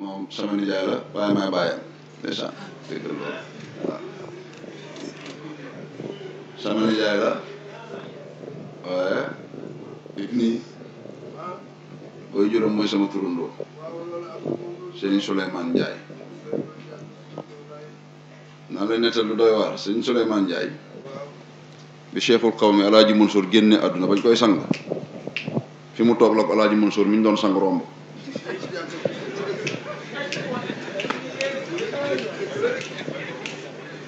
moom sama nijaay la waaye may bàyyam dèjà ah. dégg nga loolu waaw sama nijaay la it nii booy juróom mooy sama turandoo Serigne Souleymane Ndiaye naa lay nettal lu doy waar Serigne Souleymane Ndiaye bi cheikhul xaw mi alaaji Mansour génne àdduna bañ koy sang fi mu toog la ko alaaji Mansour mi ñu doon sang romb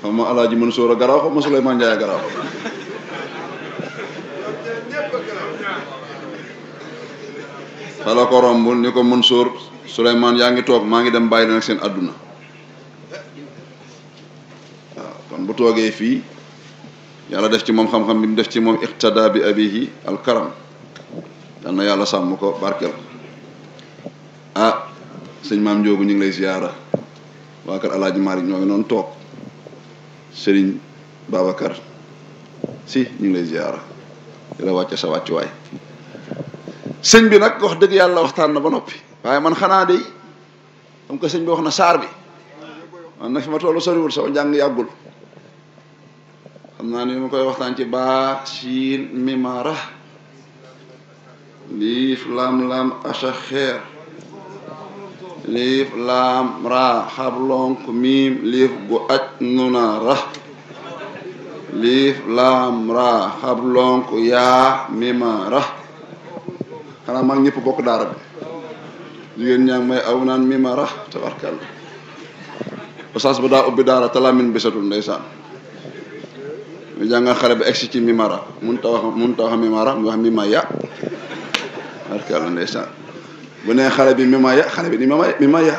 xaw ma alaaji Mansour a garaaw xaw ma Souleymane Ndiaye a garaaw fala ko romb ni ko Mansour Souleymane yaa ngi toog maa ngi dem bàyyi leen ak seen àdduna waaw kon bu toogee fii yàlla def ci moom xam-xam bi mu def ci moom iqtada bi abihi alkaram yal na yàlla sàmm ko barkeel ah sëñ maam Njoogu ñu ngi lay ziyaara waa kër alaaji Maalik ñoo ngi noonu toog Serigne Babacar si ñu lay ziara di la wàcce sa wàccuwaay sëñ bi nag wax dëgg yàlla waxtaan na ba noppi waaye man xanaa de am ko sëñ bi wax na saar bi man na fi ma tollu soriwul sama njàng yàggul xam naa ne ma koy waxtaan ci baa siin mimara liif lam lam acha liif laam raa xablonk miim liif gu aj nuna ra liif laam raa xablonk yaa mima ra xanaa mag ñëpp bokk daara bi jigéen ñaa may aw naan mima ra tabarkàlla oustaz ba daa ubbi daara talamin bisatul ndeysaan mu jàngal xale ba egsi ci mimara mun ta wax mun ta wax mimara mu wax mima ya tabarkàlla ndeysaan bu nee xale bi mi ma ya xale bi ni ma mi ma ya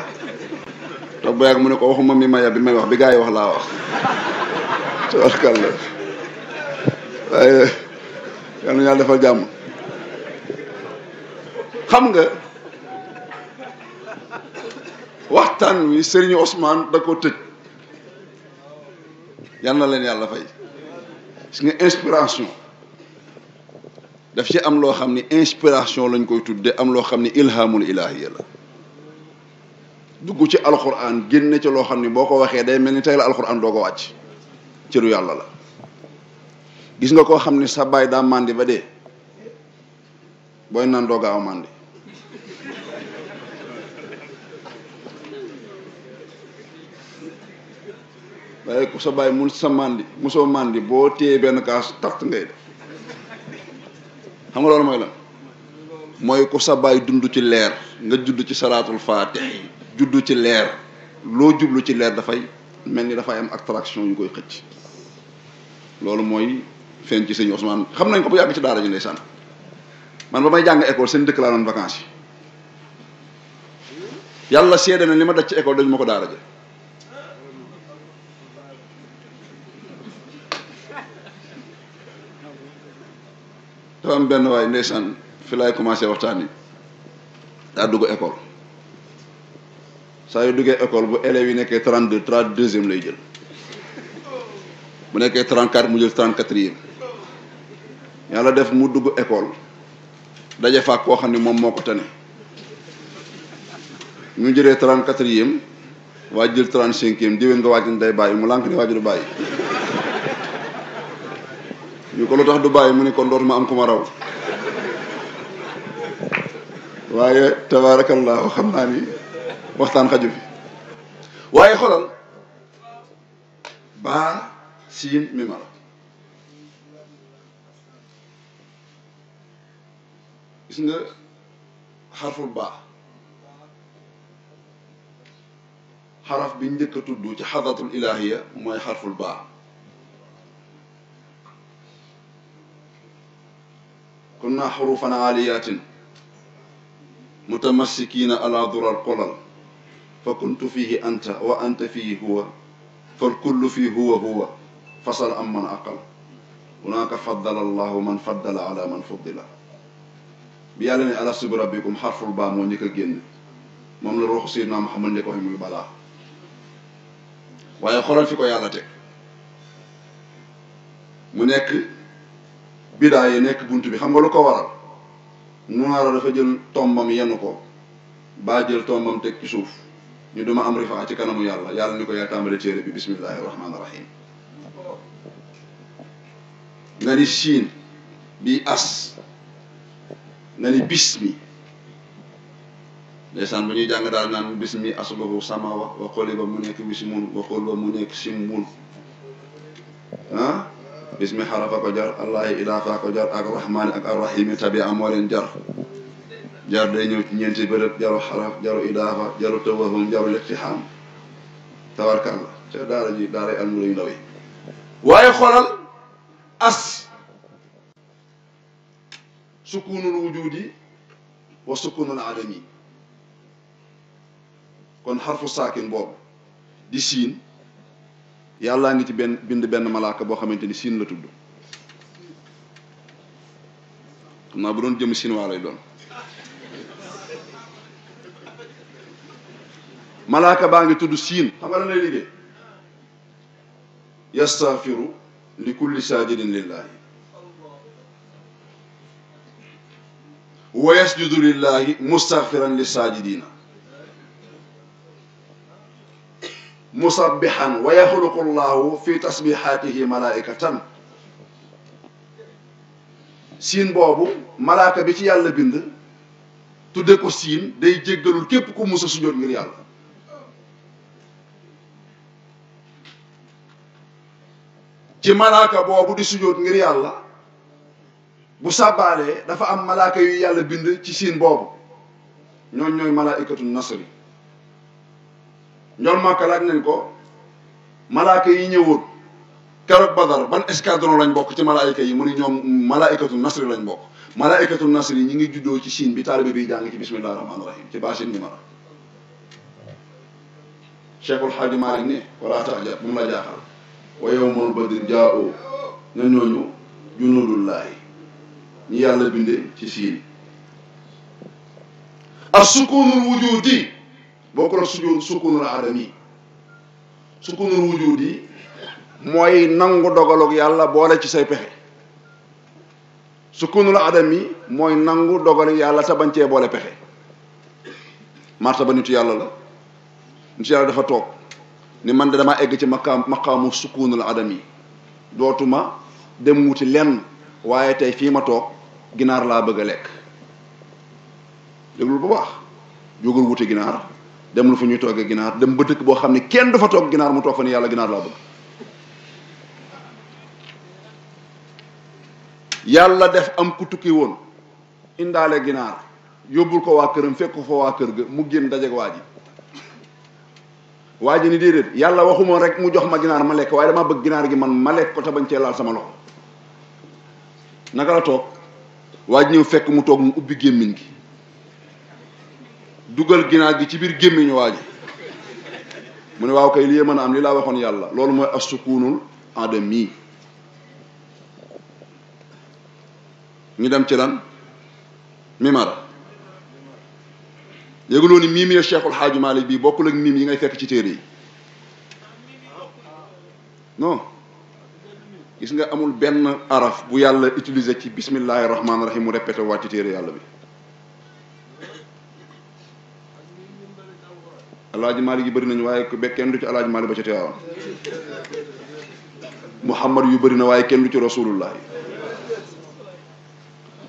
toog ba yàgg mu ne ko waxuma mi ma ya bi may wax bi gaa yi wax laa wax tabarkal la waaye yal na yàlla jàmm xam nga waxtaan wi Serigne Ousmane da yàlla fay gis nga inspiration daf ci am loo xam ni inspiration lañ koy tudde am loo xam ni ilhaamul ilaahiya la dugg ci alquran génne ci loo xam ni boo ko waxee day mel ni tey la alquran doo ko wàcc cëru yàlla la gis nga koo xam ni sa baay daa màndi ba dee booy naan doo màndi waaye ku sa baay mun sa màndi musoo màndi boo téye benn kaas tart ngay xam nga loolu mooy la mooy ku sa baay dund ci leer nga judd ci salaatul faatih judd ci leer loo jublu ci leer dafay mel ni dafay am attraction yu koy xëcc loolu mooy fen ci sëñ Ousmane xam nañ ko bu yàgg ci daara ñu ndeysaan man ba may jàng école seen dëkk laa doon vacances yi yàlla seede na li ma daj ci école dañu ma ko daara je dafa am benn waay ndeysaan fi laay commencé waxtaan yi daa dugg saa yu duggee école bu élèves yi nekkee trente deux trente deuxième lay jël bu nekkee trente quatre mu jël trente quatrième yàlla def mu dugg école daje fa koo xam ne moom moo ko tane ñu jëlee trente quatrième waa jël trente cinquième déwén nga waaj day bàyyi mu lànk ne waaju du bàyyi ñu ko lu tax du bàyyi mu ne ko dootuma am ku ma raw waaye tabaarakallaahu xam naa ni waxtaan xaju fi waaye xoolal baa siin mi ma la gis nga xarful baa xaraf bi njëkk a tudd ci xadatul ilaahiya mooy xarful baa kunna xurufan aaliyatin mutamassikina ala durar qolal fa kuntu fihi anta wa anta fihi huwa fal kullu fii huwa huwa fasal am man aqal hunaaka faddala allahu man faddala ala man fuddila bi yàlla ne ala subi rabbikum xarful baa moo njëkk a génn moom la ruuxu sayyidina Muhammad njëkk wax muy balaa waaye xoolal fi ko yàlla teg mu nekk bidaa yi nekk bunt bi xam nga lu ko waral nuwaara dafa jël tombam yenn ko baa jël tombam teg suuf ñu duma am rifaa yàlla yàlla ni ko yaa tàmbale téere bi bismillahi rahmaani rahim nga ni siin bi mu nekk wismun wa qoliba mu nekk simmun ah bismi xarafa ko jar allahi ilafa ko jar ak rahmaani ak arrahimi tabia moo leen jar jar day ñëw ci ñeenti bërëb jaru xaraf jaru ilaafa jaru tawahum jaru liqtixaam tawarkal la te daara ji daara yi almu lañu ndaw yi waaye xoolal as sukunul wujudi wa sukunul adami kon xarfu saakin boobu di siin yàllaa ngi ci benn bind benn malaaka boo xamante ni siin la tudd xam naa bu doon jëm siin waa doon malaaka baa ngi tudd siin xam nga lan lay liggéey yastaghfiru li kulli saajidin lillahi wa yasjudu lillahi li saajidina musabbihan wa yaxluqu llahu fi tasbixaatihi malaaikatan siin boobu malaaka bi ci yàlla bind tudde ko siin day jéggalul képp ku musa sujjóot ngir yàlla ci malaaka boobu di sujjóot ngir yàlla bu sàbbaalee dafa am malaaka yu yàlla bind ci siin boobu ñooñ ñooy malaaikatu nasri njool màkka laaj nañ ko malaaka yi ñëwoon keroog badar ban escadron lañ bokk ci malaayika yi mu ni ñoom malaayikatu nasri lañ bokk malaayikatu nasri ñi ngi juddoo ci Chine bi taalibe bi jàng ci bismillahi rahmaani rahim ci bâche numéro cheikhul xaaji Maalik ne wala taja bu la jaaxal wa yawmal badri jaa'u na ñooñu junudullaahi ñi yàlla binde ci Chine ak wujudi bokkul ak sujud sukkunul aadami sukkunul wujud yi mooy nangu dogalug yàlla boole ci say pexe sukkunul aadami mooy nangu dogalug yàlla sa bañ cee boole pexe martaba nitu yàlla la nitu yàlla dafa toog ni man de damaa egg ci maqaam la sukkunul aadami dootuma dem wuti lenn waaye tey fii ma toog ginaar laa bëgg a lekk déglu bu baax jógul wuti ginaar dem demul fu ñuy toogee ginaar dem ba dëkk boo xam ne kenn du fa toog ginaar mu toog fa ni yàlla ginaar laa bëgg yàlla def am ku tukki woon indaale ginaar yóbbul ko waa këram fekk ko kër ga mu génn dajeeg waa ji waa ji ni déedéet yàlla waxumoon rek mu jox ma ginaar ma lekk waaye dama bëgg ginaar gi man ma lekk ko te bañ cee laal sama loxo naka la toog waa ji ñëw fekk mu toog mu ubbi gémmiñ gi dugal ginaar gi ci biir gémmiñu waa ji mu ne waaw kay lii mën a am li laa waxoon yàlla loolu mooy asukuunul adami ñu dem ci lan mimara yëguloo ni miim ya Cheikhul xaaju Maalik bii bokkul ak miim yi ngay fekk ci téere yi non gis nga amul benn araf bu yàlla utiliser ci bismillahi rahmaani rahim mu répété waat ci téere yàlla bi alaaji maalik yi bari nañu waaye bekk kenn du ci alaaji maalik ba ca teewaaw muhammad yu bari na waaye kenn du ci rasulullah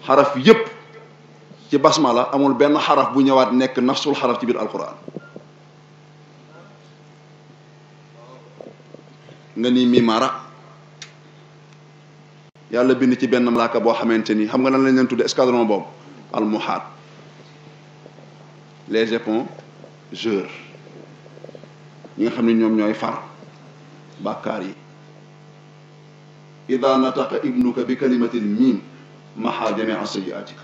xaraf yépp ci basmala amul benn xaraf bu ñëwaat nekk nafsul xaraf ci biir alquran nga ni mimara yàlla bind ci benn malaaka boo xamante ni xam nga lan lañ leen tudde escadron boobu almuhaat les éponges ñu nga xam ne ñoom ñooy far bàkkaar yi ida nataqa ibnuka bi kalimatin miim maha jamia sayiatika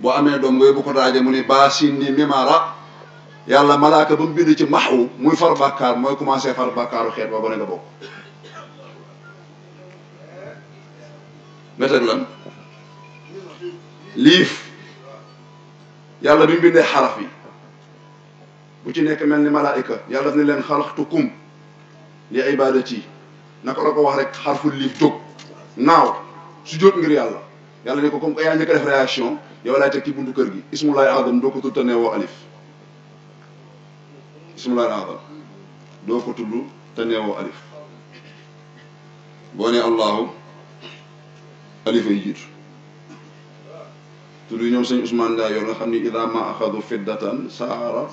boo amee doom ngay bu ko daaje mu ni baasin ni mimara yàlla malaaka ba mu bind ci maxwu muy far bàkkaar mooy commencé far bàkkaaru xeet ba gone nga bokk nga teg lan liif yàlla bi mu bindee yi ku ci nekk mel ni malaayika yàlla ni leen xalaxtukum li ibadati naka la ko wax rek xarful liif jóg naaw su jóot ngir yàlla yàlla ni ko comme yaa njëkk a réaction yow laay teg ci buntu kër gi ismulaay adam doo ko tudd te neewoo alif ismulaay adam doo ko tudd te neewoo alif boo ne allahu alif ay jiitu tudd yi ñoom sëñ Ousmane daa yor xam ni ida ma axadu fiddatan saara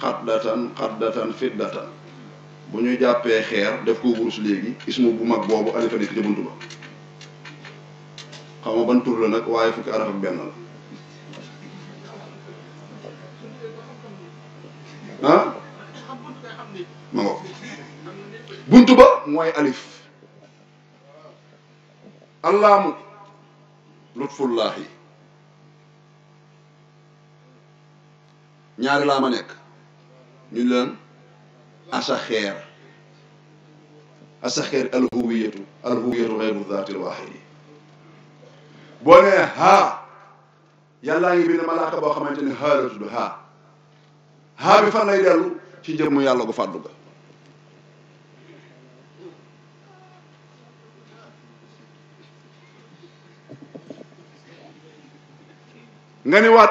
xaddatan xaddatan fiddatan bu ñu jàppee xeer def ko wurus léegi ismu bu mag boobu alifa nekk ca bunt ba xaw ma ban tur la nag waaye fukki araf ak benn la ah ma ñaari laa ma nekk ñu leen asaxeer asaxeer alhuwiyatu alhuwiyatu xeyru zaatil waaxidi boo nee haa yàllaa ngi bind malaaka boo xamante ni haa la tudd haa haa bi fan lay dellu ci jëmm yàlla gu fàddu ga nga ni waat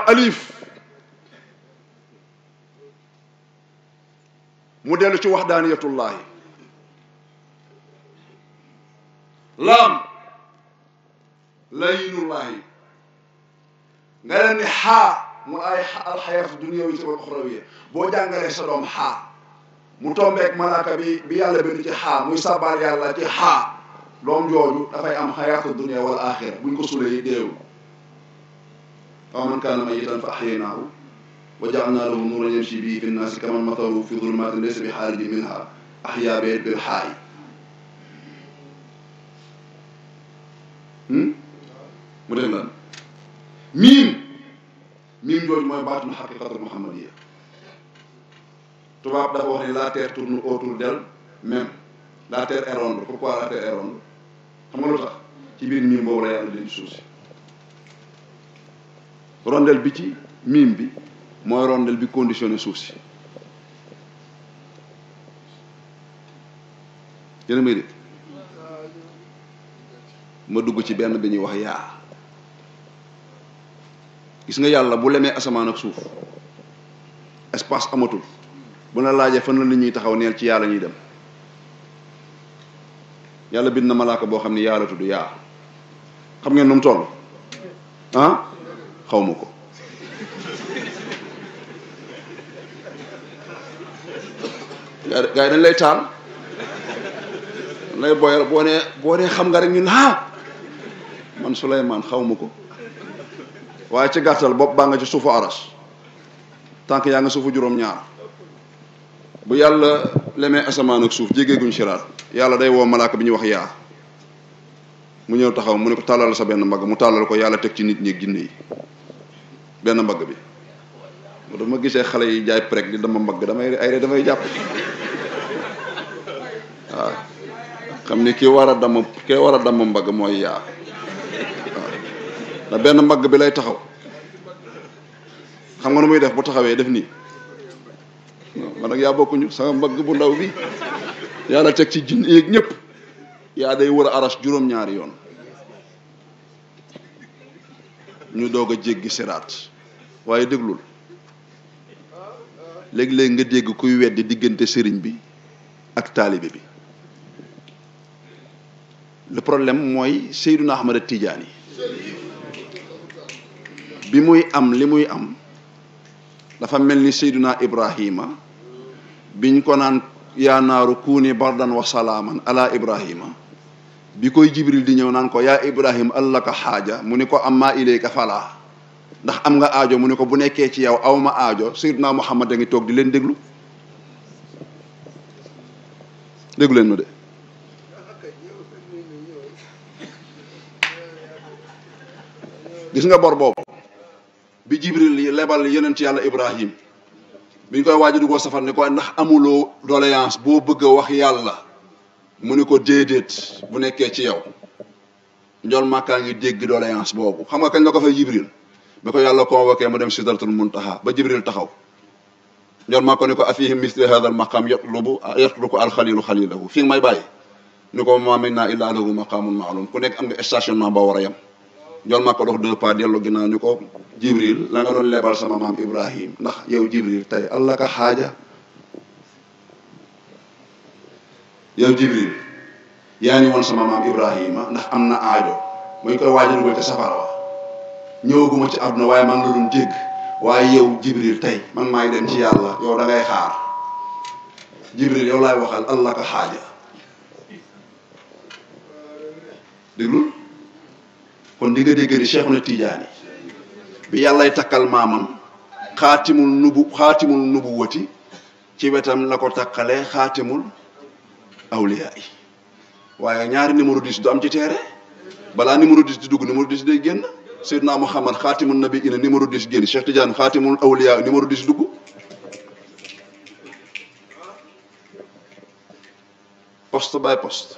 mu dellu ci waxdaaniyatullaahi laam layinullaahi nga leen ni xaa mu ay alxayaatu duniyawiyya wal uxrawiyya boo jàngalee sa doom xaa mu tombeek malaaka bi bi yàlla bind ci xaa muy sabaal yàlla ci xaa doom jooju dafay am xayaatu dunia wal axira buñ ko sulee deewu wa kaana mayitan fa axyaynaahu وجعلنا bii نورا يمشي به في الناس كمن مثله في ظلمات ليس بخارج منها أحيا بيت بالحاي mu def lan miim miim jooju mooy baatul xaqiqatul muhammadiya tubaab dafa wax ne la terre tourne autour d'elle même la terre est ronde la terre est ronde xam tax ci biir miim boobu la yàlla leen di suuf rondel bi ci miim bi mooy rondel bi conditionné suuf si yéen ma dugg ci benn bi ñuy wax yaa gis nga yàlla bu lemee asamaan ak suuf espace amatul bu na laajee fan la nit ñuy taxaw neel ci yàlla ñuy dem yàlla bind na malaaka boo xam ne yàlla tudd yaa xam ngeen nu mu ah xaw ma ko gaa dañ lay taal dañ lay boyal boo nee boo nee xam nga rek ñu ah man Souleymane xaw ma ko waaye ci gàttal bopp baa nga ci suufu aras tànk yaa nga suufu juróom-ñaar bu yàlla lemee asamaan ak suuf jégeeguñ siraat yàlla day woo malaaka bi ñu wax yaa mu ñëw taxaw mu ne ko tàllal sa benn mbagg mu tàllal ko yàlla teg ci nit ñi ginne yi benn mbagg bi dama tax gisee xale yi jaay prek di dama mbagg damay ay dafay jàpp waaw xam ni ki war a dama ki war a dama mbagg mooy yaa waaw benn mbagg bi lay taxaw xam nga nu muy def boo taxawee def nii man nag yaa bokkuñu sama mbagg bu ndaw bi yàlla teg ci jinn yeeg ñëpp yaa day wër a aras juróom-ñaari yoon ñu doog a jéggi siraat waaye déglul léegi léegi nga dégg kuy weddi diggante sëriñ bi ak taalibe bi le problème mooy Seyduna Ahmad Tijaani bi muy am li muy am dafa mel ni Seyduna Ibrahima biñ ko naan yaa naaru kuuni bardan wa salaaman ala Ibrahima bi koy Jibril di ñëw naan ko yaa Ibrahim allaka xaaja mu ni ko amma ilayka falaa ndax am nga aajo mu ne ko bu nekkee ci yow aw ma aajo Seydina Muhammad a ngi toog di leen déglu déglu leen ma de gis nga bor boobu bi Jibril lebal yonent yàlla Ibrahim bi ñu koy waaj ko safar ne ko ndax amuloo doléance boo bëgg a wax yàlla mu ni ko déedéet bu nekkee ci yow njool màkkaa ngi dégg doléance boobu xam nga kañ nga ko fay Jibril ba ko yàlla convoqué mu dem sidratul muntaha ba jibril taxaw ñor maa ko ni ko afihim misli hada al maqam yatlubu yatluku al xalilu xalilahu fii may baay ni ko ma minna illa lahu maqamun maalum ku nekk am nga stationnement ba war a yem ñor maa ko dox deux pas dellu ginnaaw ni ko jibril la nga doon lebal sama maam ibrahim ndax yew jibril tey allah ka xaaja yow jibril yaa ngi woon sama maam ibrahima ndax am na aajo muy koy waajal ko safara ñëwaguma ci àdduna waaye maa ngi la jégg waaye yow jibril tey man maay dem ci yàlla yow da ngay xaar jibril yow laay waxal allah ka xaaja déglul kon di nga dégg ni na Tijaani bi yàllay takkal maamam xaatimul nubu xaatimul nubuwati ci wetam la ko takkalee xaatimul awliyaa yi waaye ñaari numéro 10 du am ci teere balaa numéro 10 di dugg numéro 10 day génn Seydina Mouhamad xaatimun nabi ina numéro 10 génn Cheikh Tidiane xaatimul awliya numéro 10 dugg poste by poste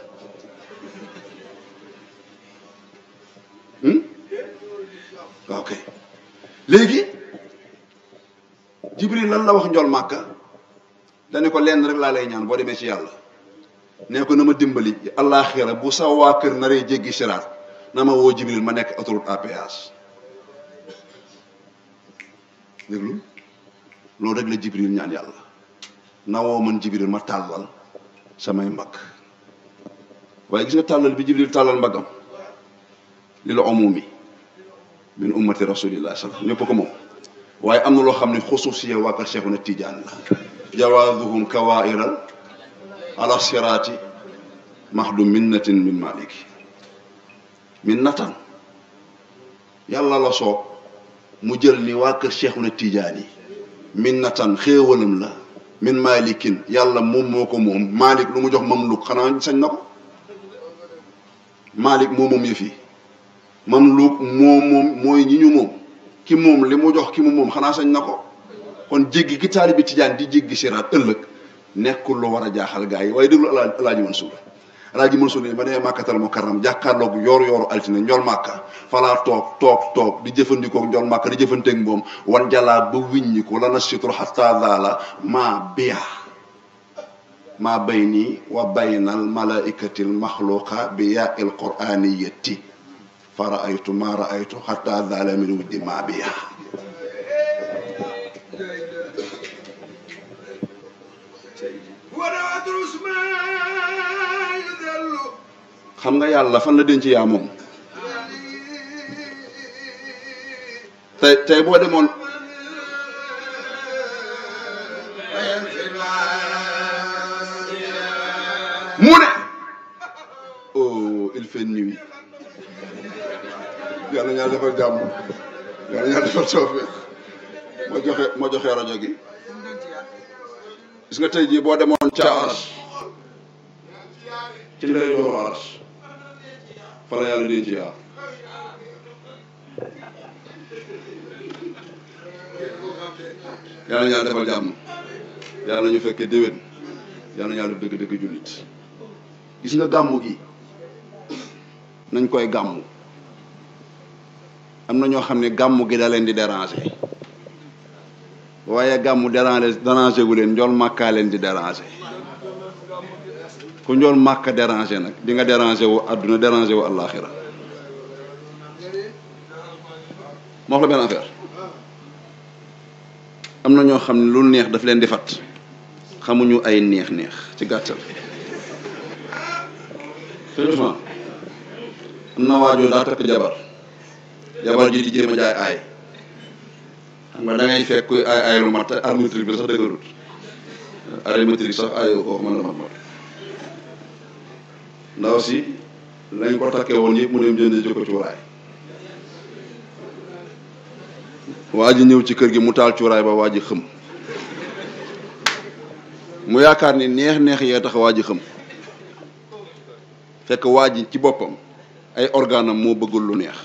hmm? ah, ok léegi Jibril lan la wax njool màkka dañu ko lenn rek laa lay ñaan boo demee ci yàlla nee ko na ma dimbali àllaaxira bu saw waa kër naree jéggi siraat na ma woo Jibril ma nekk autoroute à péage déglu loolu rek la Jibril ñaan yàlla na woo man Jibril ma tàllal samay mbagg waaye gis nga tàllal bi Jibril tàllal mbaggam li la umumi min ummati rasulillah sala ñëpp waaye am na loo xam ne xusuusiya waa kër la jawaazuhum kawairal ala siraati mahdum minnatin min maliki mi natan yàlla la soob mu jël ni waa kër Seexuna Tijaan yi min natan xéewalam la min maalikin yàlla moom moo ko moom maalik lu mu jox mamluk xanaa sañ na ko maalik moo moom yëf yi mamluk moo moom mooy ñi ñu moom ki moom li mu jox ki mu moom xanaa sañ na ko kon jéggi gi taalibi Tijaan di jéggi siraat ëllëg nekkul lu war a jaaxal gaa yi waaye déglu alaaji Mansuur alaaji Mansour ne ba nee màkkatal mu karam jàkkaarloog yoor yooru altine njol màkka falaa toog toog toog di jëfandikoog njol màkka di jëfanteeg moom wan jalaa ba wiññi lana sitru xatta zaala maa biyaa maa bayni wa baynal malaikatil fa raaytu maa raaytu xataa zaala min wuddi maa bi xam nga yàlla fan la denc yaa moom tey tey boo demoon mu ne oh il fait nuit yàlla ñaar defal jàmm yàlla ñaar defal soofe ma nga tey jii boo demoon ca aras ci fa la yàlla denc yaa yàlla yàlla defal jàmm yàlla ñu fekkee déwén yàlla yàlla dëgg dëgg jullit gis nga gàmmu gi nañ koy gàmmu am na ñoo xam ne gàmmu gi da leen di derange waaye gàmmu déranger déranger gu leen njool màkkaa leen di déranger ku ñoon màkk dérangé nag di nga dérangé wu àdduna dérangé wu àllaaxira moo la am na ñoo xam ne lu neex daf leen di fat xamuñu ay neex neex ci gàttal sérieusement am na waajoo daa takk jabar jabar ji di jéem a jaay aay xam nga da fekk kuy aay aay lu te armétrique sax dëgërut armétrique sax aayoo koo xam ne dafa mat ndaw si lañ ko takkee woon yëpp mu dem jënd jikko cuuraay waa ji ñëw ci kër gi mu taal cuuraay ba waa ji xëm mu yaakaar ni neex neex yee tax waa ji xëm fekk waa ji ci boppam ay organam moo bëggul lu neex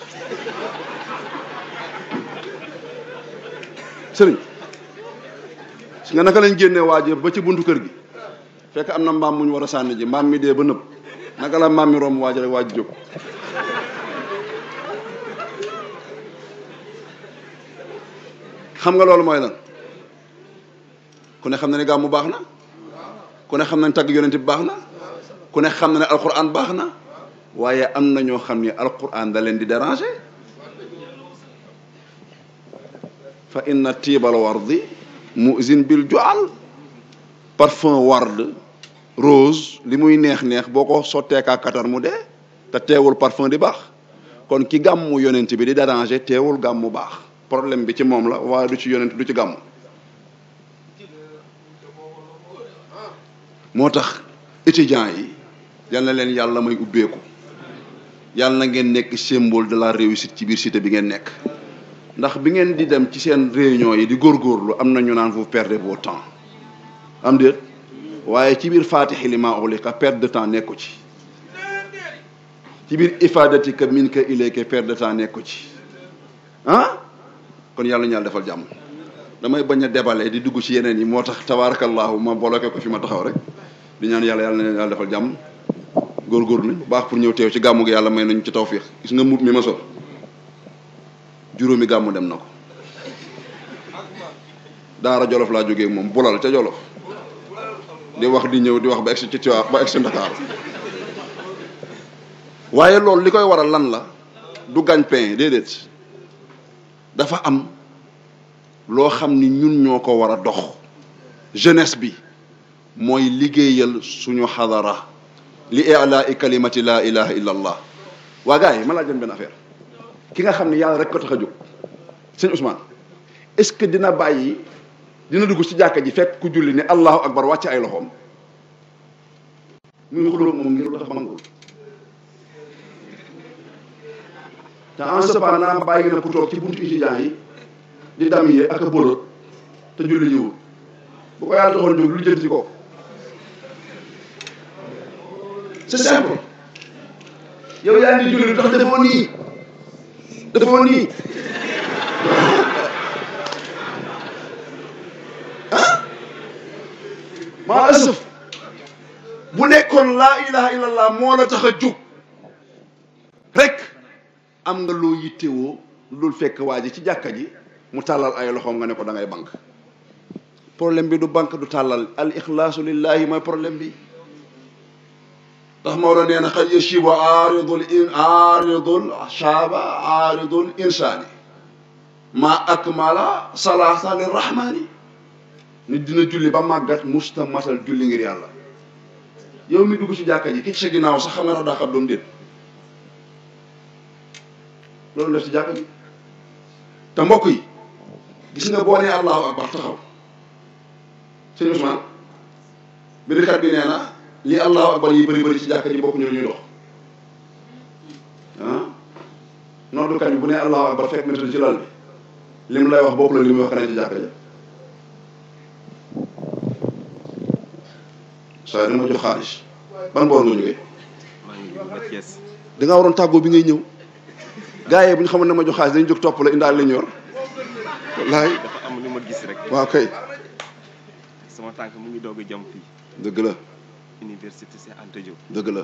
sëriñ si nga naka lañ génnee waa ji ba ci buntu kër gi fekk am na mbaam mu ñu war a sànni ji mbaam mi dee ba nëb naka la maam mi romb waaj rek waaj jóg xam nga loolu mooy lan ku ne xam na ne gàmmu baax na ko ne xam na ne tagg yonent bi baax na ku ne xam na ne alquran baax na waaye am na ñoo xam ni alquran da leen di déranger fa inna tiibal wardi musin bil jual parfum warde rose li muy neex-neex boo ko sottee kaa katar mu dee te teewul parfum di baax kon ki gàmmu yonent bi di déranger teewul gàmmu baax problème bi ci moom la waaye du ci yonent du ci gàmmu moo tax étudiants yi yal na leen yàlla may ubbeeku yal na ngeen nekk symbole de la réussite ci biir cité bi ngeen nekk ndax bi ngeen di dem ci seen réunion yi di góor góorgóorlu am na ñu naan vous perdez votre temps am waaye ci biir faatixi li maa uxliqa perte de temps nekku ci ci biir ifaadati ka min ka ilayka perte de temps nekku ci ah kon yàlla ñaal defal jàmm damay bañ a debale di dugg ci yeneen yi moo tax tabaarakallaahu ma bloqué ko fi ma taxaw rek di ñaan yàlla yàlla na yàlla defal jàmm góorgóorlu bu baax pour ñëw teew ci gàmmu gi yàlla may nañu ci tawfiix gis nga mbubb mi ma sol juróomi gàmmu dem na ko daara jolof laa jógee moom bulal ca jolof di wax di ñëw di wax ba egsi ci Tiwaa ba egsi waaye loolu li koy waral lan la du gagne-pain déedéet dafa am loo xam ni ñun ñoo ko war a dox jeunesse bi mooy liggéeyal suñu xadara li i'laa'i kalimati laa ilaha illa allah waa gars yi ma laa jëm benn affaire ki nga xam ni yàlla rek ko tax a jóg sëñ Ousmane est dina bàyyi dina dugg ci jàkka ji fekk ku julli ne allahu akbar wàcc ay loxoom muy xuloo moom ngir lu tax mangul te en cependant bàyyi na ku toog yi di dam yee ak a bolot te julli jiwul bu ko yàlla taxoon jóg lu jënd ko c'est simple julli lu tax defoo nii defoo nii maa asaf bu nekkoon laa ilaha illallah moo la tax a jóg rek am nga loo yittewoo lul fekk waa ji ci jàkka ji mu tàllal ay loxoom nga ne ko da ngay banque problème bi du banque du tàllal al ixlaasu lillahi mooy problème bi ndax Maodo nee na xaj yashibu aaridul in aaridul shaaba aaridul insaani ma akmala salaasa lirrahmaani nit dina julli ba màggat musta matal julli ngir yàlla yow mi dugg ci jàkka ji ki sa ginnaaw sax xam nga daa xam doom déet loolu def ci jàkka ji te mbokk yi gis nga boo nee allahu akbar taxaw sëñ Ousmane bindkat bi nee na li allahu akbar yi bëri bëri ci jàkka ji mbokk ñoo ñuy dox ah noddukat bi bu nee allahu akbar fekk na ci lal bi lim lay wax bokk la li muy wax ka ne ci jàkka ja saa yi da xaalis ban boor nga jógee. da ngaa waroon tàggoo bi ngay ñëw. gars yi bu ñu xamoon na ma jox xaalis dañu jóg topp la indaale lañu yor. wallaay dafa am lu ma gis rek. waaw kay. sama tànk mu ngi doog a jëm fii. dëgg la. dëgg la.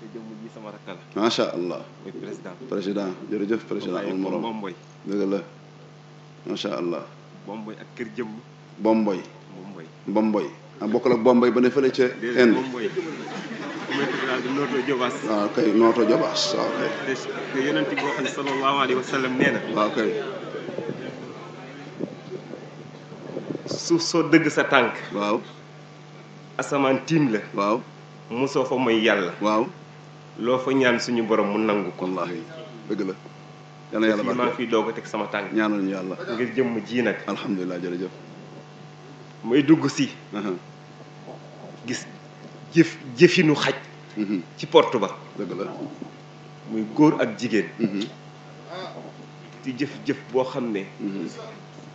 te jëm sama rakk la. macha allah. muy président. président jërëjëf président amul morom bomboy. dëgg la macha allah. bomboy ak kër jëm bomboy. bomboy bomboy. ah la ak Bombay ba ne fële ca Inde. nooto jobaas waaw ah, kay nooto jobaas ah, waaw ah, kay suuf soo dëgg sa tànk waaw asamaan tiim la waaw mosoo fa mooy yàlla waaw loo fa ñaan suñu borom mu nangu ko wallaahi dëgg la yàlla yàlla baax maa doog a teg sama tànk ñaanal ñu yàlla ngir jëmm ji nag alhamdulilah jërëjëf muy dugg si gis jëf jëfinu xaj mm-hmm. ci port ba dëgg muy góor ak jigéen di mm-hmm. jëf jëf boo xam ne mm-hmm.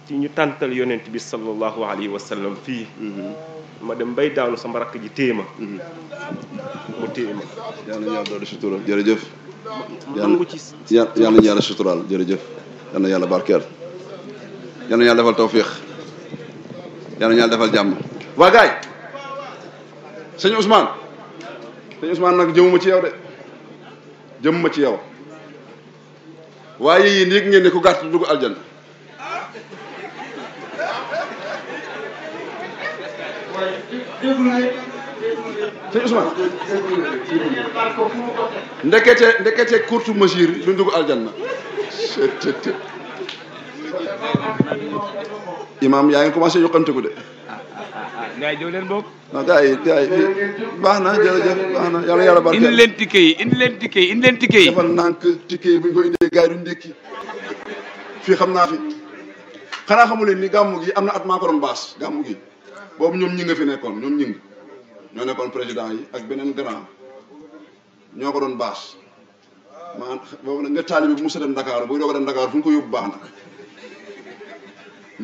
ci ñu tàntal yonent bi sallallahu alayhi wa sallam fii ma dem bay daanu sama rakk ji téye ma mu téye ma yal na yàlla doon suturaal jërëjëf yal na yàlla suturaal jërëjëf yal na na yàlla defal tawfiix yal na defal jàmm waa sëñ Ousmane sëñ Ousmane nag jëmuma ci yow de jëmuma ci yow waaye yéen yëg ngeen ne ku gàtt dugg aljana sëñ Ousmane ndekete ndekete courte mesure duñ dugg aljanna imaam yaa ngi commencé yokkante ko de gars yi jóg leen bokk. non gars yi gars yi baax na jërëjëf baax na yàlla yàlla barkeel. indi leen ticket yi indi leen ticket yi indi leen ticket yi. defal nànk ticket yi bu ñu ko indee gars yi duñ ndékki fii xam naa fi xanaa xamu leen ni gàmmu gi am na at maa ko doon baas gàmmu gi boobu ñoom ñi nga fi nekkoon ñoom ñi ngi ñoo nekkoon président yi ak beneen grand ñoo ko doon baas maanaam boobu nag nga taalibe bu musa dem Dakar buy doog a dem Dakar fu ñu ko yóbbu baax na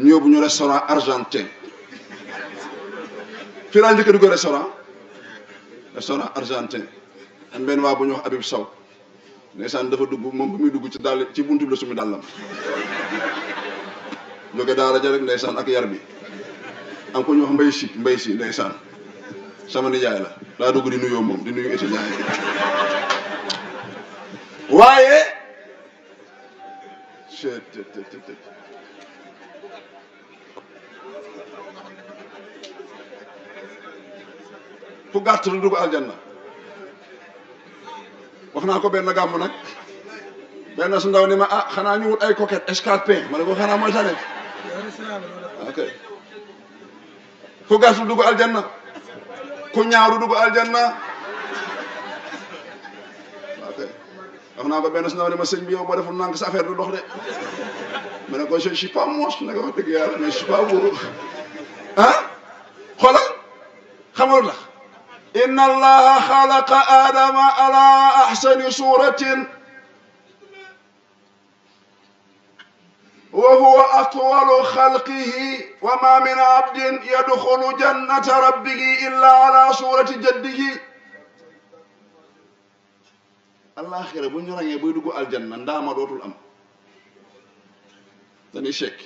ñu yóbbu ñu restaurant argentin. fii laa njëkk a dugg restaurant restaurant argentin am benn waa bu ñuy wax Habib Sow ndeysaan dafa dugg moom bu muy dugg ci dàll ci buntu bi la sumi dàllam jóge daara ja rek ndeysaan ak yar bi am ko ñu mbay si mbay si ndeysaan sama nijaay la laa dugg di nuyoo moom di nuyu étudiant yi waaye ku gàtt du dugg aljanna wax naa ko benn gàmm nag benn su ndaw ni ma ah xanaa ñu wut ay coquette escarpin ma ne ko xanaa mooy sa nekk dugg aljanna ku ok wax naa ko benn su ndaw ni ma sëñ bi yow boo deful sa affaire du dox de ma ne ko je suis pas moche nag wax dëgg yàlla mais je suis pas bourru ah la إن الله خلق آدم على أحسن صورة وهو أطول خلقه وما من عبد يدخل جنة ربه إلا على صورة جده الآخرة بن يرى يبيدك الجنة دام دوت الأمر dañuy sekk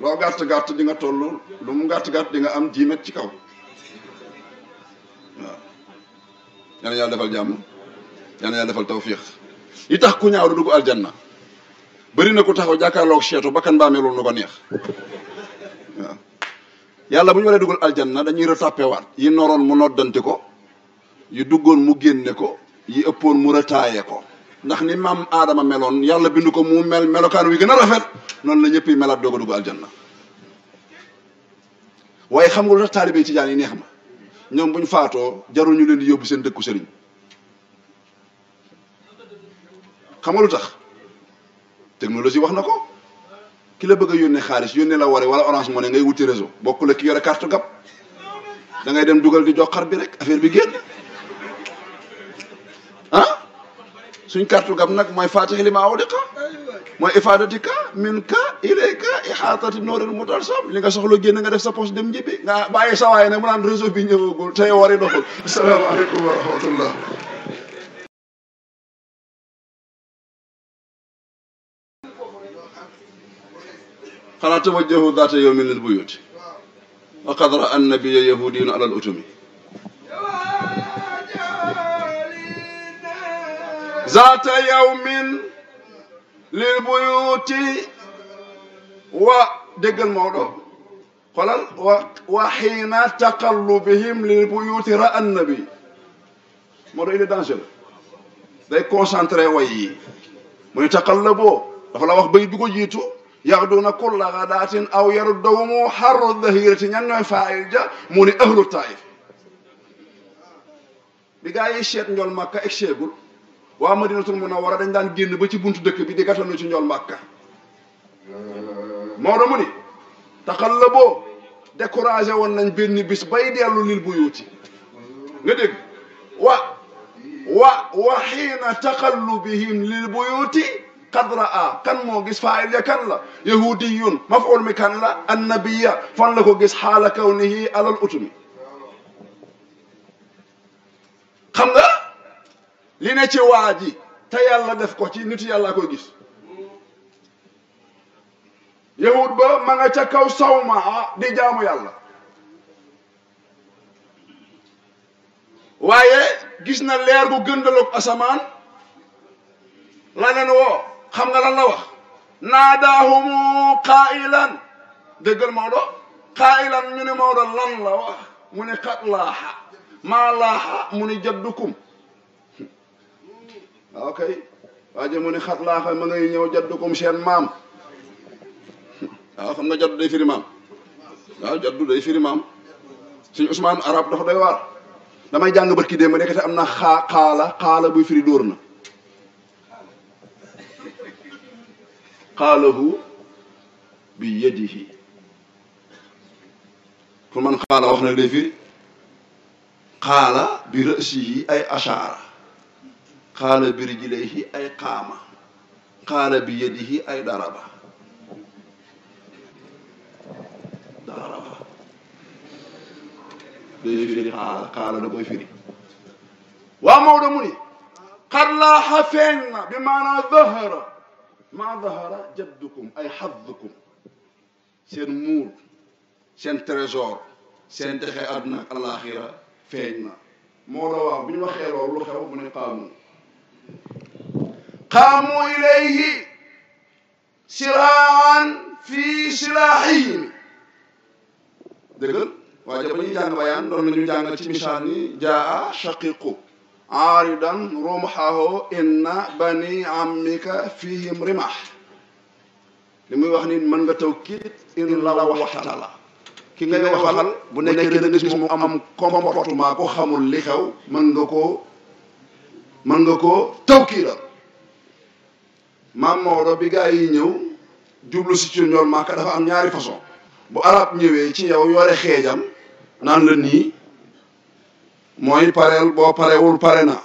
loo gàtt gàtt di nga toll lu mu gàtt gàtt di nga am 10 ci kaw waaw. yal na yàlla defal jàmm yal na yàlla defal tawfiix yi tax ku ñaaw du dugg aljanna bëri na ku taxaw jàkkaarloog seetu bakkan baa melul nu ko neex yàlla bu ñu waree dugal aljanna dañuy retapé waat yi noroon mu noddante ko yi duggoon mu génne ko yi ëppoon mu retaaye ko. ndax ni maam aadama meloon yàlla bind ko mu mel melokaan wi gën a rafet noonu la ñëpp yi melaat doog a dugg aljanna waaye xam nga lu tax ci tijaan yi neex ma ñoom buñ faatoo jarul ñu leen di yóbbu seen dëkku sëriñ xam nga lu tax technologie wax na ko ki la bëgg a yónnee xaalis yónnee la wari wala orange money ngay wuti réseau bokk la ki yore carte gab da ngay dem dugal di jox xar bi rek affaire bi génn suñ kartu gam nag mooy fatih li maa uliqa mooy ifadati ka min ka ilay ka ixaatati nooril mutal sam li nga soxla génn nga def sa poche dem njibbi nga bàyyi sawaay ne mu naan réseau bi ñëwagul tey wari doxul asalaamaaleykum wa rahmatullah xanaa tawajjahu daata yowmin lil buyuti wa qad ra an nabiya yahudiyun alal utumi ذات يوم للبيوت ودق الموضوع قال وحين تقلبهم للبيوت راى النبي موضوع il est dangereux day concentré way yi muy taqallaboo dafa la wax bay du ko jiitu yaxduuna kulla gadaatin aw yaruddahumu xarru dahirati ñan ñooy faayil ja mu ni ahlu taif bi gaa yi seet njol makka egseegul waa Madinatul Munawwara dañ daan génn ba ci buntu dëkk bi di gàttanu ci ñool Màkka moo damu ni taxallaboo découragé woon nañ benn bis bay dellu lil buyuuti nga dégg wa wa wa xiina taxallubihim lil buyuuti qad raa kan moo gis faayil ya kan la yahudiyun maful mi kan la annabiya fan la ko gis xaala kawnihi alal utumi xam nga li ne ci waa ji te yàlla def ko ci nit yàlla koy gis yahut ba ma nga ca kaw sawma di jaamu yàlla waaye gis na leer gu gëndaloog asamaan la leen woo xam nga la la wax naadaahumu qaa'ilan dëggal Maodo qaa'ilan ñu ne Maodo lan la wax mu ne xat laaxa maa laaxa mu ne jaddukum waaw ah, kay waaja mu ne xat laaxa ma ngay ñëw jaddukum seen maam waaw ah, xam nga jaddu day firi waaw ah, jaddu day firi maam suñu arab dafa doy waar damay jàng barki dée ma nekkate am na xaala xaala buy firi dóor na xaalahu bi yadihi pour man xaala wax na day firi xaala bi rësi yi ay ashaara xaala bi rijlihi ay qaama xaala bi yadihi ay daraba daraba day firi xaala xaala da koy firi waa Maodo mu ni xar laaxa feeñ na bi maanaa zahara maa zahara jaddukum ay xaddukum seen muur seen trésor seen texe àdduna ak alaaxira feeñ na Maodo waaw bi ñu waxee loolu lu xew mu ne qaamu qaamu ilayhi siraan fii silaahihim dëggal waa ja ba ñuy jàng bayaan doon nañu jàng ci misaan yi jaa shaqiqu aaridan rumhahu inna bani ammika fihim rimah li muy wax ni mën nga tawkiid in la waxta la ki ngay waxal bu nekkee da nga gis mu am comportement ko xamul li xew mën nga koo mën nga koo tawkiidal maam Maodo bi gaa yi ñëw jublu si ci ñool màkka dafa am ñaari façon bu arab ñëwee ci yow yore xeejam naan la nii mooy pareel boo parewul pare na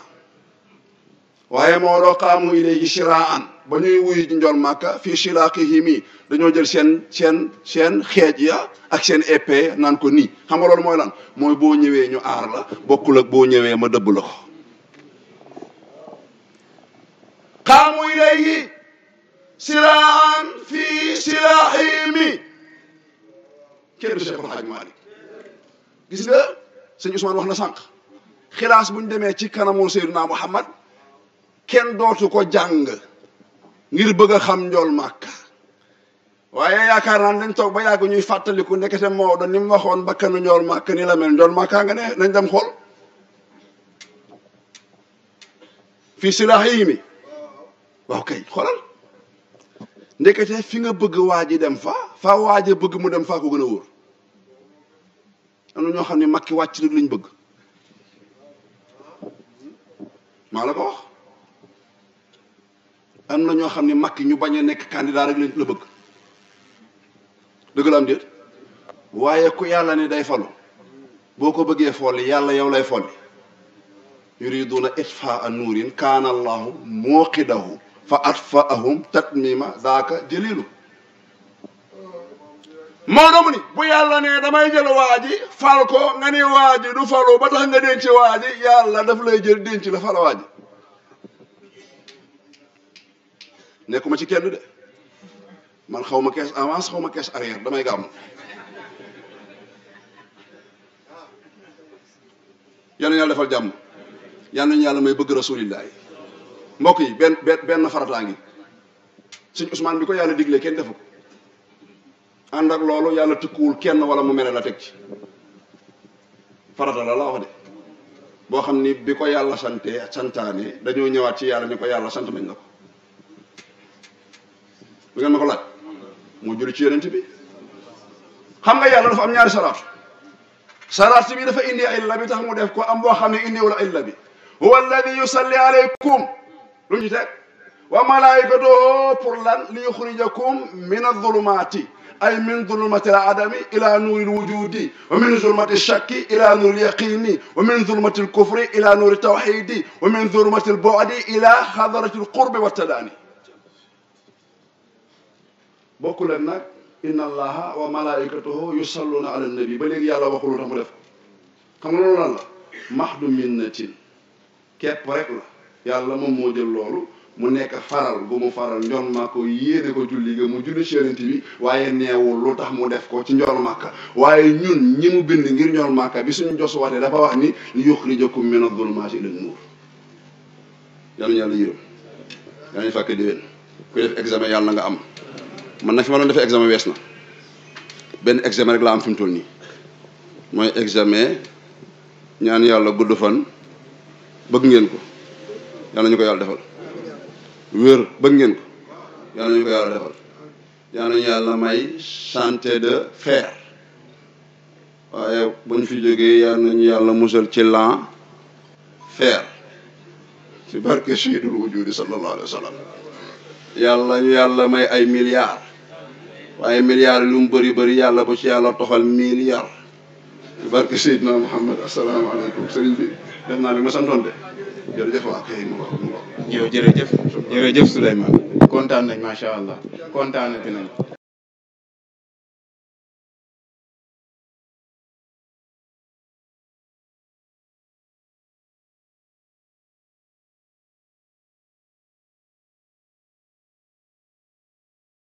waaye Maodo xaamu ilayhi shiraan ba ñuy wuyu ci njool màkka fii shiraaqihim yi dañoo jël seen seen seen xeej ya ak seen épée naan ko nii xam nga loolu mooy lan mooy boo ñëwee ñu aar la bokkul ak boo ñëwee ma dëbb la ko xaamu ilayhi siraan fii sirahimi kenn du Seexul nga sëñ Ousmane wax na sànq xilaas bu demee ci kanamu Seydina Muhammad kenn dootu ko jàng ngir bëgg a xam njool màkka waaye yaakaar naan dañ toog ba yàgg ñuy fàttaliku nekkete Maodo ni mu waxoon bakkanu njool màkka ni la mel njool màkka nga ne nañ dem xool fii sirahimi waaw kay xoolal ndekete fi nga bëgg waa ji dem fa faa waa ji bëgg mu dem faa ko gën a wóor am na ñoo xam ne makki wàcc rek lañ bëgg maa la ko wax am na ñoo xam ne makki ñu bañ a nekk candidat rek la bëgg dëgg la am déet waaye ku yàlla ne day falu boo ko bëggee folli yàlla yow lay folli yuriduuna itfaa nuurin kaana allahu muuqidahu fa atfaahum tatmima zaaka jëlilu Maodo mu ni bu yàlla ne damay jël waaji fal ko nga waaj waaji du falu ba tax nga denc waaji yàlla daf lay jël denc la fal waaji nekkuma ci kenn de man xaw ma caisse avance xaw ma caisse arrière damay gàmm yal na defal jàmm yal nañu yàlla may bëgg rasulillah mbokk yi benn benn farataa ngi suñ Ousmane bi ko yàlla digle kenn defu ko ànd ak loolu yàlla tukkuwul kenn wala mu mere la teg ci farata la la wax de boo xam ni bi ko yàlla sante santaane dañoo ñëwaat ci yàlla mi ko yàlla sant nañ la ko lu ngeen ma ko laaj moo juri ci yonent bi xam nga yàlla dafa am ñaari saraatu saraatu bi dafa indi illa bi tax mu def ko am boo xam ne indiwul illa bi huwa alladi yusalli alaykum lu ñu teg wa malaayikatoo pour lan li yuxrijakum ay min zulmati al adami ila nuuri wujudi wa min zulmati shakki ila nuuri yaqini wa min zulmati lkufri ila nuuri tawxidi wa min zulmati lbodi ila xadarati lqurbi wattadaani bokku leen nag inna allaha wa malaikatahu yusalluna ala nabi ba léegi yàlla moom moo jël loolu mu nekk faral bu mu faral njol màkk yéene ko julli ga mu julli ci yonent bi waaye neewul lu tax mu def ko ci njol màkk waaye ñun ñi mu bind ngir njol màkk bi suñu jos waxte dafa wax ni yuxrijakum mina zulumaati ila nuur yàlla yàlla yërëm yàlla ñu fàkk déwén ku def examen yàlla na nga am man na fi ma doon defee examen wees na benn examen rek laa am fi toll nii mooy examen ñaan yàlla gudd fan bëgg ngeen ko yal nañu ko yàlla defal wér bëgg ngeen ko yàlla defal yal nañu yàlla may santé de fer waaye bu ñu fi jógee yal nañu yàlla musal ci lan fer ci barke Seydul Wujudi yàlla ñu yàlla may ay milliards waaye milliards yu mu bëri bëri yàlla bu ci yàlla toxal milliards ci barke Seydina Muhammad asalaamaaleykum sëriñ bi def naa li ma santoon de jërëjëf waaw kay mu ngoog yow jërëjëf jërëjëf Souleymane kontaan nañ macha allah kontaanati nañ